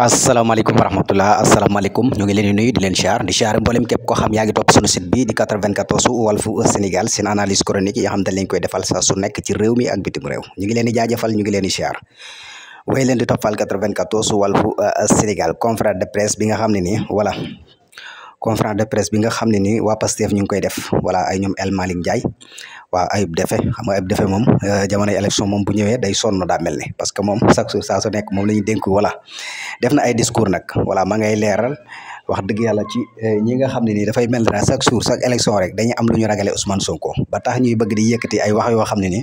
asalaamaaleykum warahmatullah asalaamaaleykum ñu ngi leen di nuyu di leen siyaar di siyaar mboolem képp koo xam yaa ngi topp sunu site bi di 94 Walfu Sénégal seen analyse chronique yi nga xam dañ leen koy defal saa su nekk ci réew mi ak bitim réew ñu ngi leen di jaajëfal ñu ngi leen di siyaar way leen di Sénégal confrère de presse bi nga xam ne nii voilà conférence de presse bi nga xam ne ni waa Pastef ñu ngi koy def voilà ay ñoom El Malick Ndiaye waaw Ayib Defe xam nga Ayib Defe moom euh, jamonoy élection moom bu ñëwee day sonn daa mel ne parce que moom chaque jour saa su nekk moom la ñu dénku voilà ay discours nag wala ma ngay leeral wax dëgg yàlla ci euh, ñi nga xam ne nii dafay mel na chaque jour chaque élection rek dañuy am lu ñu ragalee Ousmane Sonko ba tax ñuy bëgg di yëkkati ay wax yoo xam ne ni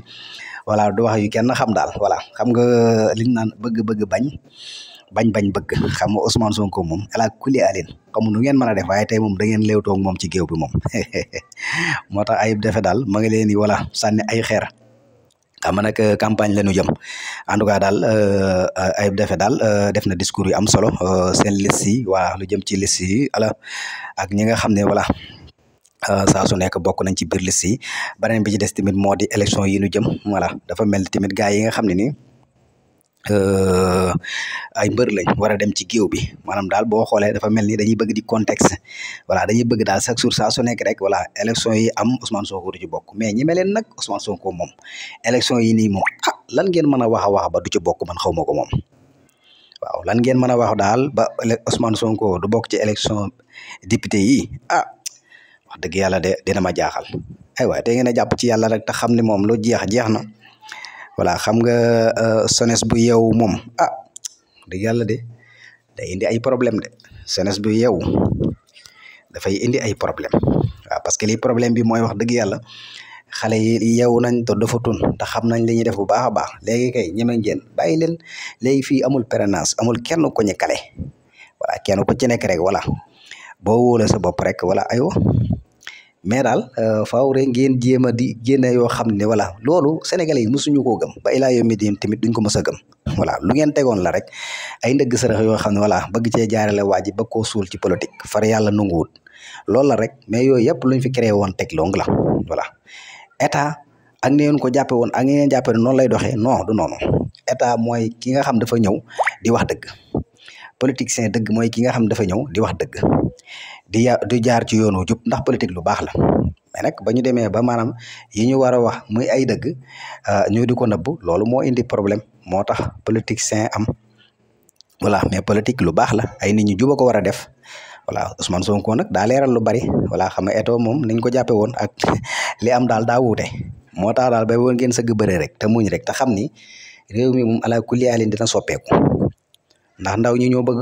voilà du wax yu kenn xam daal voilà xam nga euh, liñ naan bëgg-bëgg bañ bañ bañ bëgg xam nga Ousmane Sonko moom ala kulli alin comme nu ngeen mën a def waaye tey moom da ngeen léewtoo ak moom ci géew bi moom moo tax ayib defe daal ma ngi leen di wala sànni ay xeer xam nag euh, campagne la ñu en tout cas daal euh, euh, ayib defe daal def na discours yu am solo seen liste yi voilà lu jëm ci liste yi ala ak ñi nga xam ne voilà. saa su nekk bokk nañ ci biir liste yi beneen bi ci des tamit moo di élection yi ñu jëm voilà dafa mel ni tamit gars yi nga xam ne nii Euh, ay mbër lañ war a dem ci géew bi maanaam daal boo xoolee dafa mel ni dañuy bëgg di contexte voilà dañuy bëgg daal chaque jour saa su nekk rek voilà élection yi am Ousmane Sonko du ci bokk mais ñi mel nag Ousmane Sonko moom élection yi nii moom ah lan ngeen mën a wax a wax ba du ci bokk man xaw ma ko moom lan ngeen mën a wax daal ba Ousmane Sonko du bokk ci élection député yi ah wax dëgg yàlla de dina ma jaaxal ay waay te ngeen a jàpp ci yàlla rek te xam ne moom lu jeex jeex na voilà xam nga euh, SONES bu yeew moom ah dëgg yàlla de day indi ay problème de SONES bu yeew dafay indi ay problème waaw parce que li problème bi mooy wax dëgg yàlla xale yi yeew nañ te dafatun te xam nañ li def bu baax a baax léegi kay ñeme ngeen bàyyi leen léegi fii amul permanence amul kenn ku ñu kale voilà kenn ku ci nekk rek voilà boo wóole sa bopp rek voilà aywa mais daal euh, faaw ngeen jéem a di génne yoo xam ne voilà loolu sénégalais yi mosuñu koo gëm ba ilaa yawmi diin tamit duñ ko mës a gëm voilà lu ngeen tegoon la rek ay ndëgg sërëx yoo xam ne voilà bëgg cee jaarale waa ji bëgg koo suul ci politique far yàlla nanguwut loolu la rek mais yooyu yëpp luñ fi créé woon teg long la voilà état ak ni ngeen ko jàppe woon ak ni ngeen jàppe noonu lay doxee non du noonu état mooy ki nga xam dafa ñëw di wax dëgg politique politicien dëgg mooy ki nga xam dafa ñëw di wax dëgg di ya di jaar ci yoonu jub ndax politique lu baax la mais nag ba ñu demee ba maanaam yi ñu war a wax muy ay dëgg euh, ñu di ko nëbb loolu moo indi problème moo tax politicien am voilà mais politique lu baax la ay nit ñu juba ko war a def voilà Ousmane Sonko nag daal leeral lu bari voilà xam nga Eto moom niñ ko jàppe woon ak li am daal daa wuute moo tax daal bay woon ngeen sëgg bëre rek te muñ rek te xam ni réew mi moom ala kulli dina soppeeku ndax ndaw ñi ñoo bëgg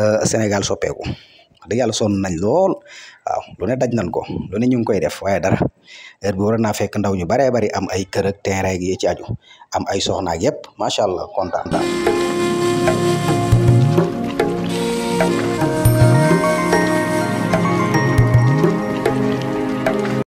euh, Sénégal soppeeku wax dëgg yàlla sonn nañ lool waaw lu ne daj nañ ko lu ne ñu ngi koy def waaye dara heure bi war naa fekk ndaw ñu baree bari am ay kër ak terrain gi ci aju am ay soxnaak yëpp macha allah kontaan